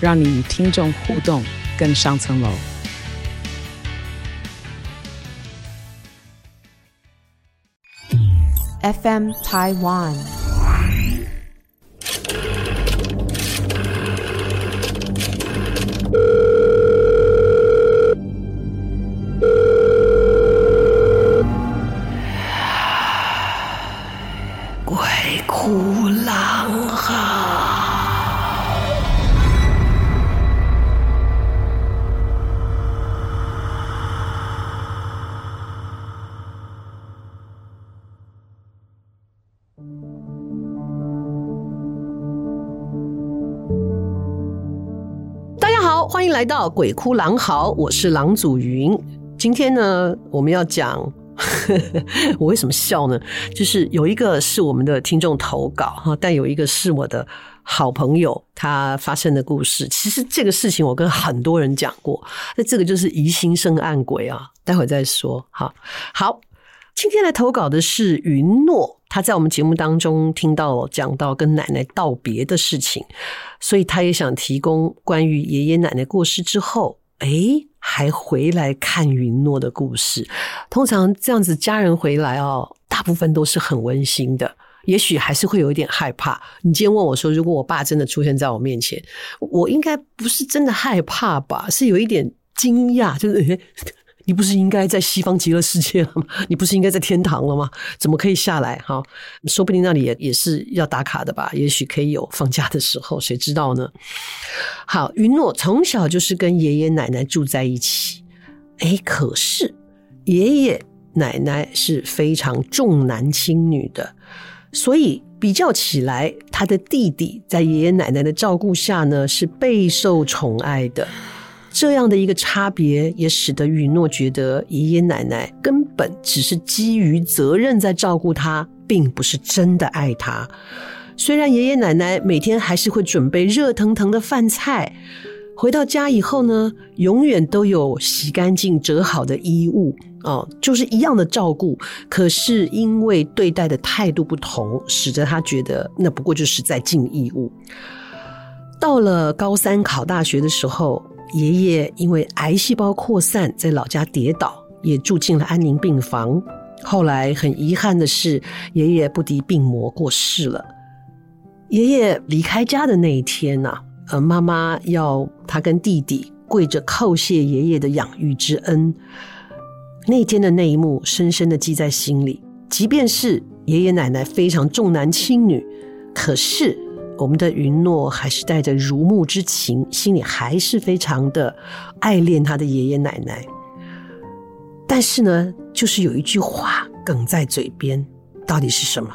讓你與聽眾互動更上層樓。FM Taiwan。來到鬼哭狼嚎，我是郎祖筠。今天呢，我們要講 我為什麼笑呢？就是有一個是我們的聽眾投稿哈，但有一個是我的好朋友他發生的故事。其實這個事情我跟很多人講過，那這個就是疑心生暗鬼啊。待會兒再說哈。好，今天來投稿的是芸諾。他在我們節目當中聽到講到跟奶奶道別的事情，所以他也想提供關於爺爺奶奶過世之後，誒，還回來看芸諾的故事。通常這樣子家人回來哦，大部分都是很溫馨的，也許還是會有一點害怕。你今天問我說，如果我爸真的出現在我面前，我應該不是真的害怕吧？是有一點驚訝，就是 你不是應該在西方極樂世界了嗎？你不是應該在天堂了嗎？怎麼可以下來？哈，說不定那裡也也是要打卡的吧？也許可以有放假的時候，誰知道呢？好，芸諾從小就是跟爺爺奶奶住在一起。哎，可是爺爺奶奶是非常重男輕女的，所以比較起來，他的弟弟在爺爺奶奶的照顧下呢，是備受寵愛的。這樣的一個差別，也使得雨諾覺得爺爺奶奶根本只是基於責任在照顧他，並不是真的愛他。雖然爺爺奶奶每天還是會準備熱騰騰的飯菜，回到家以後呢，永遠都有洗乾淨、折好的衣物，哦，就是一樣的照顧。可是因為對待的態度不同，使得他覺得那不過就是在盡義務。到了高三考大學的時候，爺爺因為癌細胞擴散，在老家跌倒，也住進了安寧病房。後來很遺憾的是，爺爺不敵病魔過世了。爺爺離開家的那一天啊，呃，媽媽要他跟弟弟跪着叩謝爺爺的養育之恩。那天的那一幕，深深的記在心裡。即便是爺爺奶奶非常重男輕女，可是。我們的芸諾還是帶着孺慕之情，心裡還是非常的愛戀他的爺爺奶奶。但是呢，就是有一句話梗在嘴邊，到底是什麼？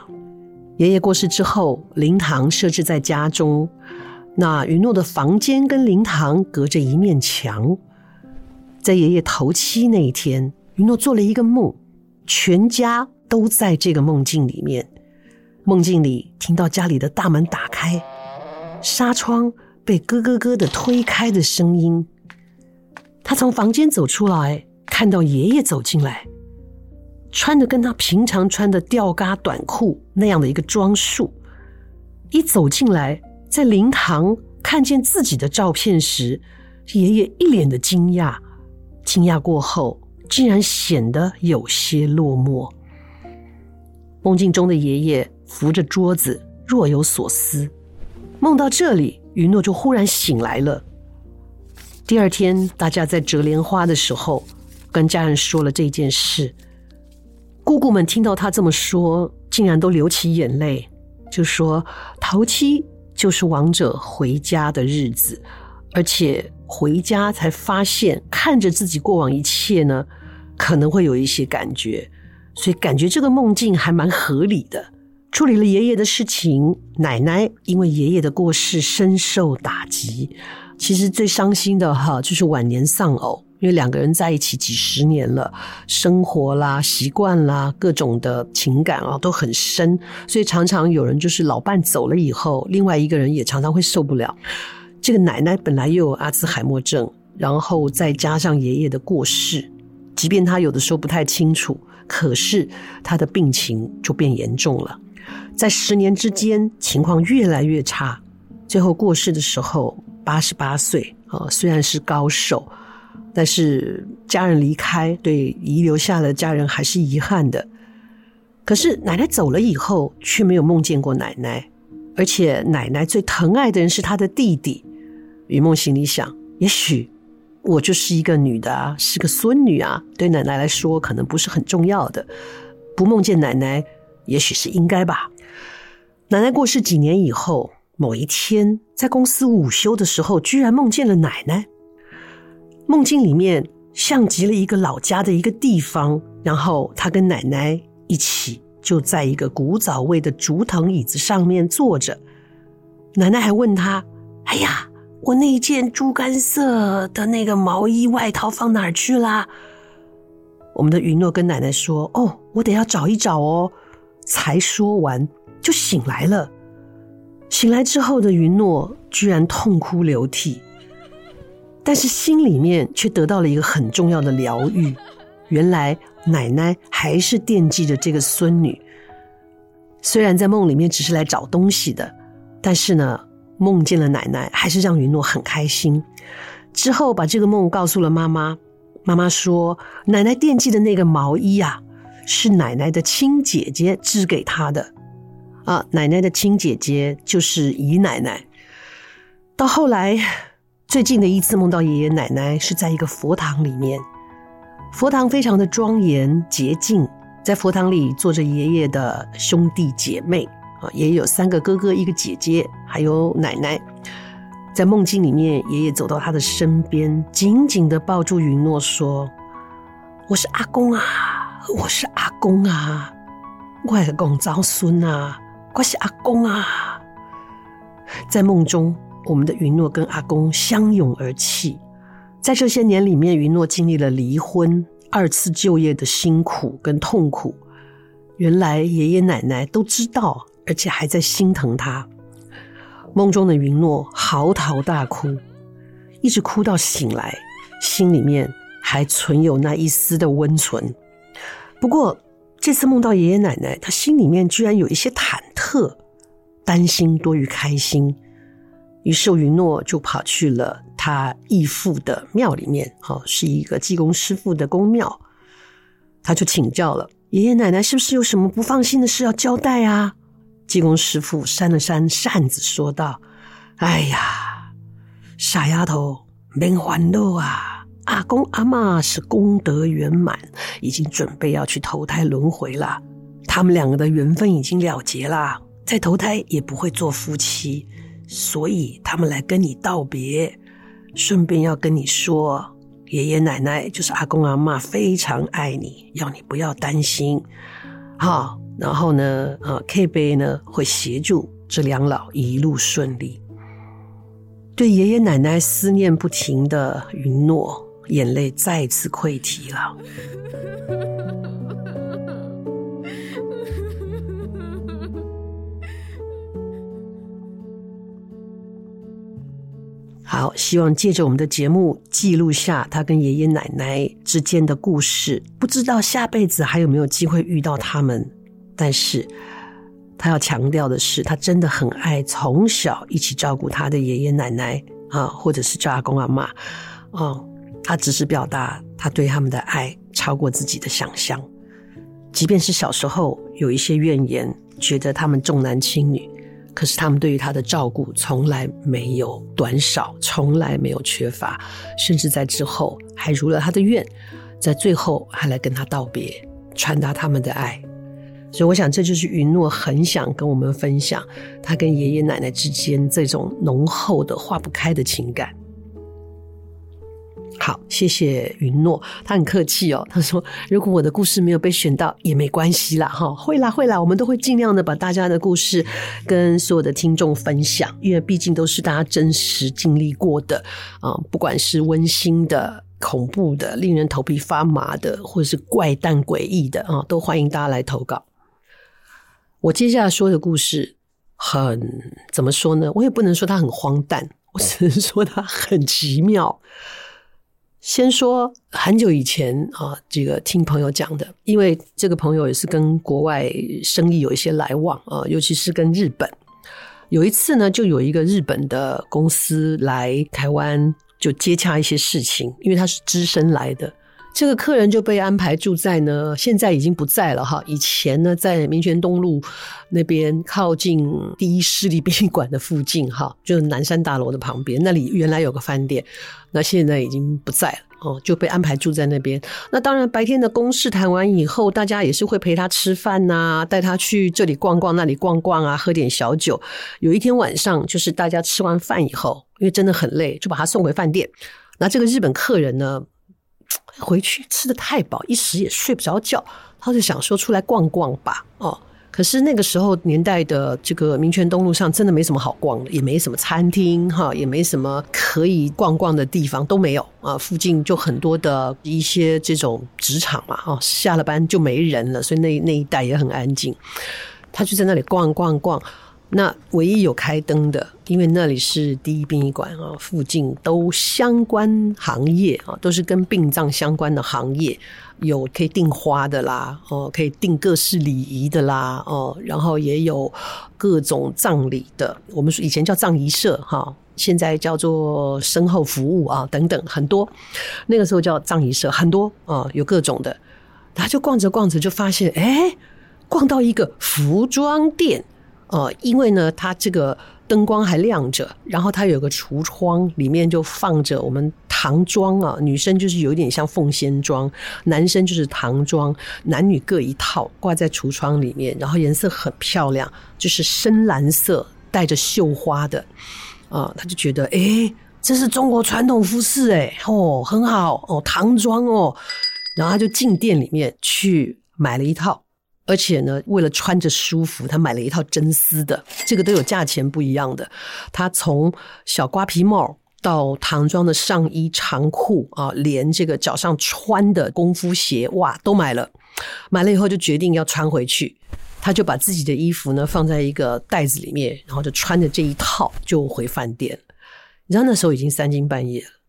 爺爺過世之後，靈堂設置在家中，那芸諾的房間跟靈堂隔着一面牆。在爺爺頭七那一天，芸諾做了一個夢，全家都在這個夢境裡面。夢境裡聽到家裡的大門打開，紗窗被咯咯咯的推開的聲音。他從房間走出來，看到爺爺走進來，穿着跟他平常穿的吊嘎短褲那樣的一個裝束。一走進來，在靈堂看見自己的照片時，爺爺一臉的驚訝。驚訝過後，竟然顯得有些落寞。夢境中的爺爺，扶着桌子，若有所思。夢到這裡，芸諾就忽然醒來了。第二天，大家在折蓮花的時候，跟家人說了這件事。姑姑們聽到她這麼說，竟然都流起眼淚，就說：“頭七就是亡者回家的日子，而且回家才發現，看着自己過往一切呢，可能會有一些感覺。所以，感覺這個夢境還蠻合理的。”處理了爺爺的事情，奶奶因為爺爺的過世深受打擊。其實最傷心的哈，就是晚年喪偶，因為兩個人在一起幾十年了，生活啦、習慣啦、各種的情感啊都很深，所以常常有人就是老伴走了以後，另外一個人也常常會受不了。這個奶奶本來又有阿茲海默症，然後再加上爺爺的過世，即便她有的時候不太清楚，可是她的病情就變嚴重了。在十年之間，情況越來越差，最後過世的時候八十八歲，哦、啊，雖然是高壽，但是家人離開，對遺留下的家人還是遺憾的。可是奶奶走了以後，卻沒有夢見過奶奶，而且奶奶最疼愛的人是她的弟弟。芸諾心裡想：也許我就是一個女的、啊，是個孫女啊，對奶奶來說可能不是很重要的，不夢見奶奶。也許是應該吧。奶奶過世幾年以後，某一天在公司午休的時候，居然夢見了奶奶。夢境裡面像極了一個老家的一個地方，然後他跟奶奶一起就在一個古早味的竹藤椅子上面坐着。奶奶還問他：“哎呀，我那一件豬肝色的那個毛衣外套放哪兒去啦？”我們的云諾跟奶奶說：“哦，我得要找一找哦。”才說完就醒來了，醒來之後的芸諾居然痛哭流涕，但是心裡面卻得到了一個很重要的療癒。原來奶奶還是惦記着這個孫女，雖然在夢裡面只是來找東西的，但是呢，夢見了奶奶還是讓芸諾很開心。之後把這個夢告訴了媽媽，媽媽說奶奶惦記的那個毛衣啊，是奶奶的親姐姐織給他的，啊，奶奶的親姐姐就是姨奶奶。到後來，最近的一次夢到爺爺奶奶是在一個佛堂裡面，佛堂非常的莊嚴潔淨，在佛堂裡坐着爺爺的兄弟姐妹，啊，也有三個哥哥一個姐姐，還有奶奶。在夢境裡面，爺爺走到他的身邊，緊緊的抱住芸諾說：“我是阿公啊。”我是阿公啊，外公講招孫啊，我是阿公啊。在夢中，我們的芸諾跟阿公相擁而泣。在這些年裡面，芸諾經歷了離婚、二次就業的辛苦跟痛苦。原來爺爺奶奶都知道，而且還在心疼他。夢中的芸諾嚎啕大哭，一直哭到醒來，心裡面還存有那一絲的溫存。不過，這次夢到爺爺奶奶，她心裡面居然有一些忐忑，擔心多於開心。受於是芸諾就跑去了她義父的廟裡面，哈、哦，是一個濟公師父的宮廟，她就請教了爺爺奶奶，是不是有什麼不放心的事要交代啊？濟公師父扇了扇扇子，說道：“哎呀，傻丫頭，免煩惱啊。”阿公阿嬤是功德圓滿，已經準備要去投胎輪回了。他們兩個的緣分已經了結了，再投胎也不會做夫妻，所以他們來跟你道別，順便要跟你說，爺爺奶奶就是阿公阿嬤，非常愛你，要你不要擔心。哈，然後呢，呃，K 杯呢會協助這兩老一路順利。對爺爺奶奶思念不停的芸諾。眼淚再次潰堤了。好，希望借着我們的節目記錄下他跟爺爺奶奶之間的故事。不知道下輩子還有沒有機會遇到他們，但是他要強調的是，他真的很愛從小一起照顧他的爺爺奶奶啊，或者是叫阿公阿媽他只是表達他對他們的愛超過自己的想象，即便是小時候有一些怨言，覺得他們重男輕女，可是他們對於他的照顧從來沒有短少，從來沒有缺乏，甚至在之後還如了他的願，在最後還來跟他道別，傳達他們的愛。所以，我想這就是芸諾很想跟我們分享他跟爺爺奶奶之間這種濃厚的化不開的情感。好，謝謝芸諾，他很客氣哦。他說：“如果我的故事沒有被選到，也沒關係啦。”哈，會啦會啦，我們都會盡量的把大家的故事跟所有的聽眾分享，因為畢竟都是大家真實經歷過的啊。不管是溫馨的、恐怖的、令人頭皮發麻的，或者是怪誕詭異的啊，都歡迎大家來投稿。我接下來說的故事，很怎麼說呢？我也不能說它很荒誕，我只能說它很奇妙。先說很久以前啊，這個聽朋友講的，因為這個朋友也是跟國外生意有一些來往啊，尤其是跟日本。有一次呢，就有一個日本的公司來台灣，就接洽一些事情，因為他是資深來的。這個客人就被安排住在呢，現在已經不在了哈。以前呢，在民權東路那邊靠近第一市立殯儀館的附近哈，就是南山大樓的旁邊。那裡原來有個飯店，那現在已經不在了哦，就被安排住在那邊。那當然，白天的公事談完以後，大家也是會陪他吃飯吶、啊，帶他去這裡逛逛，那裡逛逛啊，喝點小酒。有一天晚上，就是大家吃完飯以後，因為真的很累，就把他送回飯店。那這個日本客人呢，回去吃得太飽，一時也睡不着覺，他就想說出來逛逛吧，哦，可是那個時候年代的這個民權東路上真的沒什麼好逛的，也沒什麼餐廳哈、哦，也沒什麼可以逛逛的地方都沒有啊，附近就很多的一些這種職場嘛，哦、啊，下了班就沒人了，所以那那一帶也很安靜，他就在那裡逛逛逛。那唯一有開燈的，因為那裡是第一殯儀館啊，附近都相關行業啊，都是跟殯葬相關的行業，有可以訂花的啦，哦，可以訂各式禮儀的啦，哦，然後也有各種葬禮的，我們以前叫葬儀社哈，現在叫做身後服務啊，等等，很多。那個時候叫葬儀社，很多啊，有各種的。他就逛着逛着就發現，哎、欸，逛到一個服裝店。呃，因為呢，他這個燈光還亮着，然後他有個櫥窗，裡面就放着我們唐裝啊，女生就是有點像鳳仙裝，男生就是唐裝，男女各一套，掛在櫥窗裡面，然後顏色很漂亮，就是深藍色帶着繡花的，啊、呃，他就覺得，誒，這是中國傳統服飾、欸，誒，哦，很好，哦，唐裝哦，然後他就進店裡面去買了一套。而且呢，為了穿着舒服，他買了一套真絲的，這個都有價錢不一樣的。他從小瓜皮帽到唐裝的上衣、長褲啊，連這個腳上穿的功夫鞋，哇，都買了。買了以後就決定要穿回去，他就把自己的衣服呢放在一個袋子裡面，然後就穿着這一套就回飯店。你知道那時候已經三更半夜了。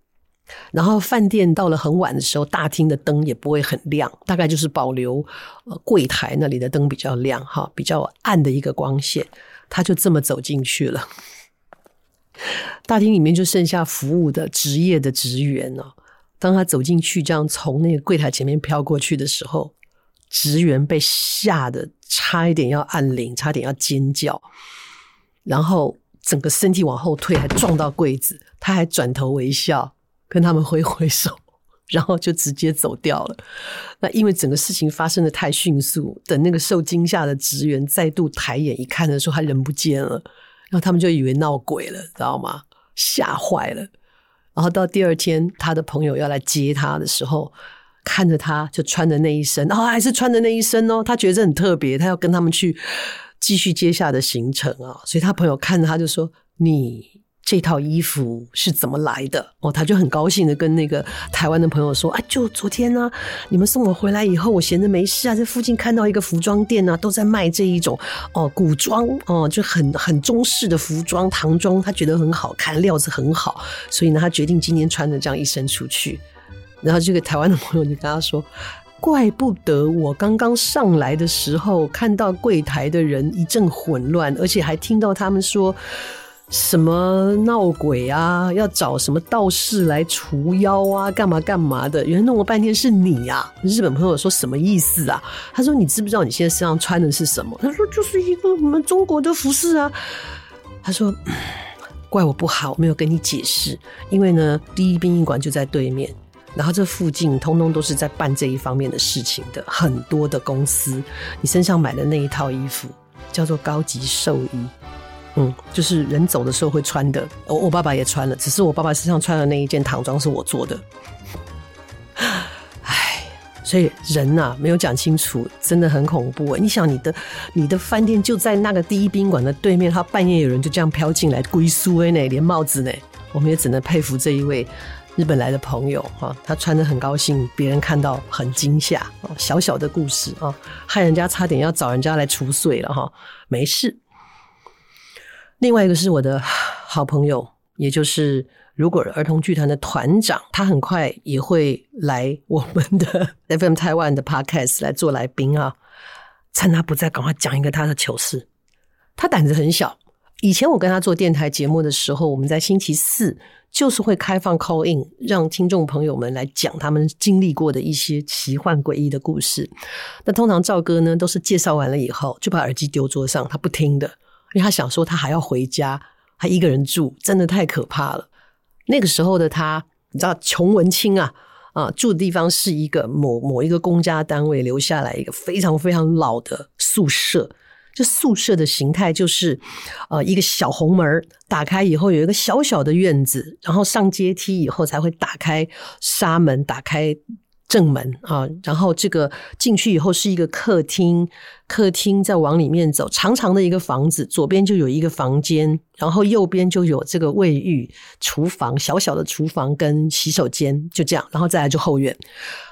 然後飯店到了很晚的時候，大廳的燈也不會很亮，大概就是保留呃櫃台那裡的燈比較亮，哈，比較暗的一個光線。他就這麼走進去了，大廳裡面就剩下服務的職業的職員哦。當他走進去，這樣從那個櫃台前面飄過去的時候，職員被嚇得差一點要按鈴，差點要尖叫，然後整個身體往後退，還撞到櫃子，他還轉頭微笑。跟他們揮揮手，然後就直接走掉了。那因為整個事情發生得太迅速，等那個受驚嚇的職員再度抬眼一看的時候，他人不見了，然後他們就以為鬧鬼了，知道嗎？嚇壞了。然後到第二天，他的朋友要來接他的時候，看着他就穿着那一身，然後，哦，還是穿着那一身哦，他覺得這很特別，他要跟他們去繼續接下的行程啊，哦。所以他朋友看着他就說：“你。”這套衣服是怎麼來的？哦，他就很高興的跟那個台灣的朋友說：“啊，就昨天呢、啊，你們送我回來以後，我閒着沒事啊，在附近看到一個服裝店呢、啊，都在賣這一種哦，古裝哦，就很很中式的服裝，唐裝。他覺得很好看，料子很好，所以呢，他決定今天穿着這樣一身出去。然後這個台灣的朋友就跟他說：怪不得我剛剛上來的時候，看到櫃檯的人一陣混亂，而且還聽到他們說。”什麼鬧鬼啊？要找什麼道士來除妖啊？幹嘛幹嘛的？原來弄了半天是你呀！啊！日本朋友說什麼意思啊？他說：“你知不知道你現在身上穿的是什麼？”他說：“就是一個我們中國的服飾啊。”他說：“怪我不好，沒有跟你解釋。因為呢，第一殯儀館就在對面，然後這附近通通都是在辦這一方面的事情的，很多的公司。你身上買的那一套衣服叫做高級壽衣。”嗯，就是人走的時候會穿的，我我爸爸也穿了，只是我爸爸身上穿的那一件唐裝是我做的。唉，所以人吶、啊，沒有講清楚，真的很恐怖、欸。你想，你的你的飯店就在那個第一賓館的對面，他半夜有人就這樣飄進來歸宿欸，呢，連帽子呢，我們也只能佩服這一位日本來的朋友哈。他穿得很高興，別人看到很驚嚇。小小的故事啊，害人家差點要找人家來除祟了哈。沒事。另外一個是我的好朋友，也就是如果兒童劇團的團長，他很快也會來我們的 FM 台灣的 Podcast 來做來賓啊。趁他不在，趕快講一個他的糗事。他膽子很小，以前我跟他做電台節目的時候，我們在星期四就是會開放 Call In，讓聽眾朋友們來講他們經歷過的一些奇幻詭異的故事。那通常趙哥呢，都是介紹完了以後，就把耳機丟桌上，他不聽的。因為他想說，他還要回家，他一個人住，真的太可怕了。那個時候的他，你知道，窮文青啊啊、呃，住的地方是一個某某一個公家單位留下來一個非常非常老的宿舍。這宿舍的形態就是，呃，一個小紅門打開以後有一個小小的院子，然後上階梯以後才會打開紗門，打開。正門啊，然後這個進去以後是一個客廳，客廳再往裡面走，長長的一個房子，左邊就有一個房間，然後右邊就有這個衛浴、廚房，小小的廚房跟洗手間，就這樣，然後再來就後院。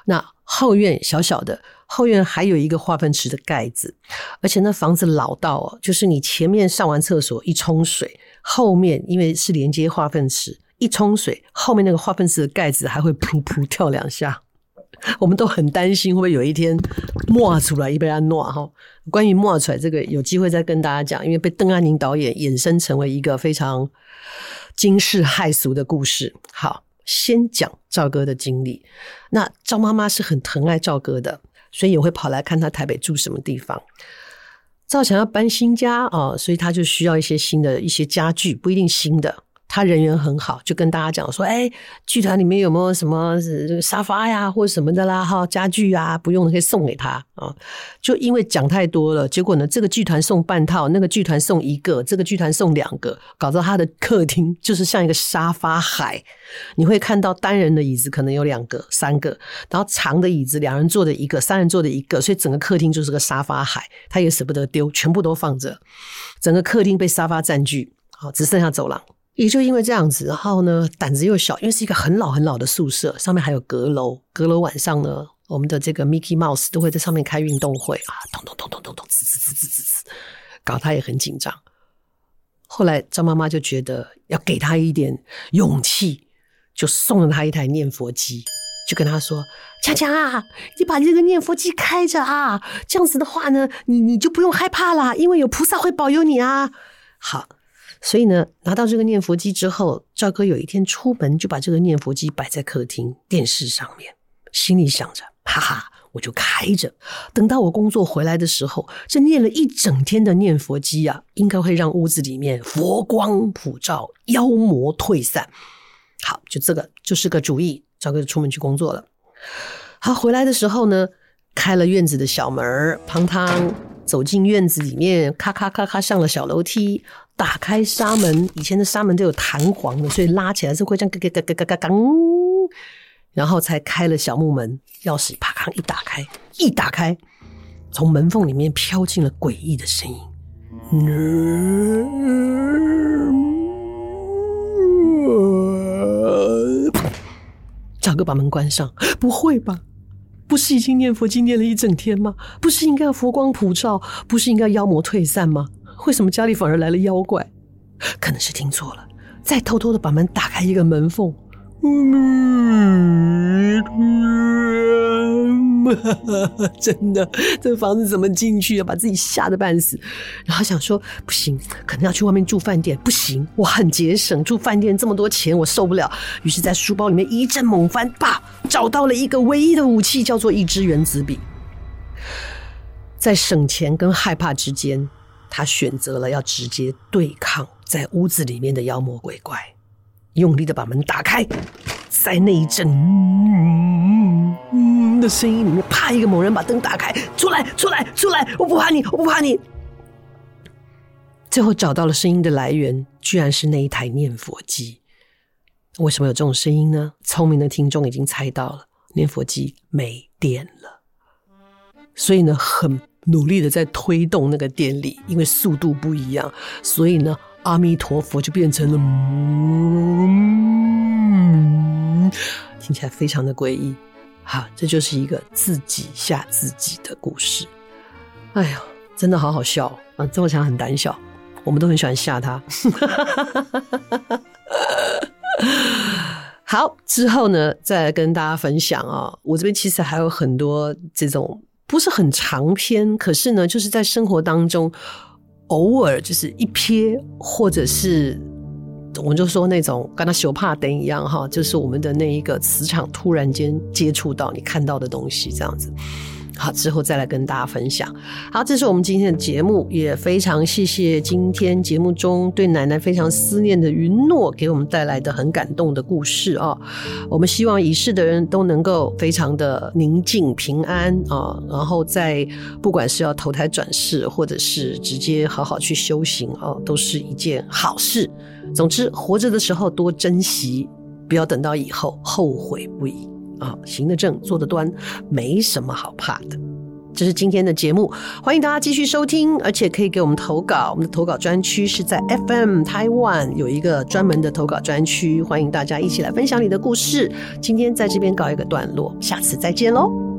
那後院小小的，後院還有一個化糞池的蓋子，而且那房子老到哦，就是你前面上完廁所一沖水，後面因為是連接化糞池，一沖水，後面那個化糞池的蓋子還會噗噗跳兩下。 我們都很擔心，會不會有一天罵出來一被他罵哈、哦？關於罵出來這個，有機會再跟大家講，因為被鄧安寧導演衍生成為一個非常驚世駭俗的故事。好，先講趙哥的經歷。那趙媽媽是很疼愛趙哥的，所以也會跑來看他台北住什麼地方。趙強要搬新家哦，所以他就需要一些新的一些家具，不一定新的。他人緣很好，就跟大家講說：“哎，劇團裡面有沒有什麼沙發呀，或者什麼的啦？哈，家具啊，不用的可以送給他啊。”就因為講太多了，結果呢，這個劇團送半套，那個劇團送一個，這個劇團送兩個，搞到他的客廳就是像一個沙發海。你會看到單人的椅子可能有兩個、三個，然後長的椅子兩人坐的一個，三人坐的一個，所以整個客廳就是個沙發海。他也舍不得丟，全部都放着，整個客廳被沙發占據，好，只剩下走廊。也就因為這樣子，然後呢，膽子又小，因為是一個很老很老的宿舍，上面還有閣樓，閣樓晚上呢，我們的這個 Mickey Mouse 都會在上面開運動會啊，咚咚咚咚咚咚，滋滋滋滋滋滋，搞他也很緊張。後來張媽媽就覺得要給他一點勇氣，就送了他一台念佛機，就跟他說：“強強啊，你把這個念佛機開着啊，這樣子的話呢，你你就不用害怕了，因為有菩薩會保佑你啊。”好。所以呢，拿到這個念佛機之後，趙哥有一天出門就把這個念佛機擺在客廳電視上面，心裡想着：哈哈，我就開着。等到我工作回來的時候，這念了一整天的念佛機呀、啊，應該會讓屋子裡面佛光普照，妖魔退散。好，就這個就是個主意。趙哥就出門去工作了。他回來的時候呢，開了院子的小門兒，砰砰，走進院子裡面，咔咔咔咔咔上了小樓梯。打開紗門，以前的紗門都有彈簧的，所以拉起來是會這樣嘎嘎嘎嘎嘎嘎，然後才開了小木門，鑰匙啪一打開，一打開，從門縫裡面飄進了詭異的聲音。趙哥把門關上，不會吧？不是已經念佛經念了一整天嗎？不是應該佛光普照，不是應該妖魔退散嗎？為什麼家裡反而來了妖怪？可能是聽錯了。再偷偷的把門打開一個門縫。 真的，這房子怎麼進去啊？把自己嚇得半死。然後想說，不行，可能要去外面住飯店。不行，我很節省，住飯店這麼多錢，我受不了。於是，在書包裡面一陣猛翻，啪，找到了一個唯一的武器，叫做一支原子筆。在省錢跟害怕之間。他選擇了要直接對抗在屋子裡面的妖魔鬼怪，用力的把門打開，在那一陣嗯、嗯、嗯的聲音裡面，啪一個猛然把燈打開，出來出來出來，我不怕你，我不怕你。最後找到了聲音的來源，居然是那一台念佛機。為什麼有這種聲音呢？聰明的聽眾已經猜到了，念佛機沒電了。所以呢，很。努力的在推動那個電力，因為速度不一樣，所以呢，阿彌陀佛就變成了，嗯，聽起來非常的詭異。好，這就是一個自己嚇自己的故事。哎呀，真的好好笑、喔、啊！趙自強很膽小，我們都很喜歡嚇他。 好，之後呢，再來跟大家分享啊、喔，我這邊其實還有很多這種。不是很長篇，可是呢，就是在生活當中，偶爾就是一瞥，或者是，我們就說那種，跟他手帕燈一樣哈，就是我們的那一個磁場突然間接觸到你看到的東西，這樣子。好，之後再來跟大家分享。好，這是我們今天的節目，也非常謝謝今天節目中對奶奶非常思念的芸諾給我們帶來的很感動的故事啊。我們希望已逝的人都能夠非常的寧靜平安啊，然後在不管是要投胎轉世，或者是直接好好去修行啊，都是一件好事。總之，活着的時候多珍惜，不要等到以後後悔不已。啊，行得正，坐得端，沒什麼好怕的。這是今天的節目，歡迎大家繼續收聽，而且可以給我們投稿。我們的投稿專區是在 FM Taiwan 有一個專門的投稿專區，歡迎大家一起來分享你的故事。今天在這邊告一個段落，下次再見嘍。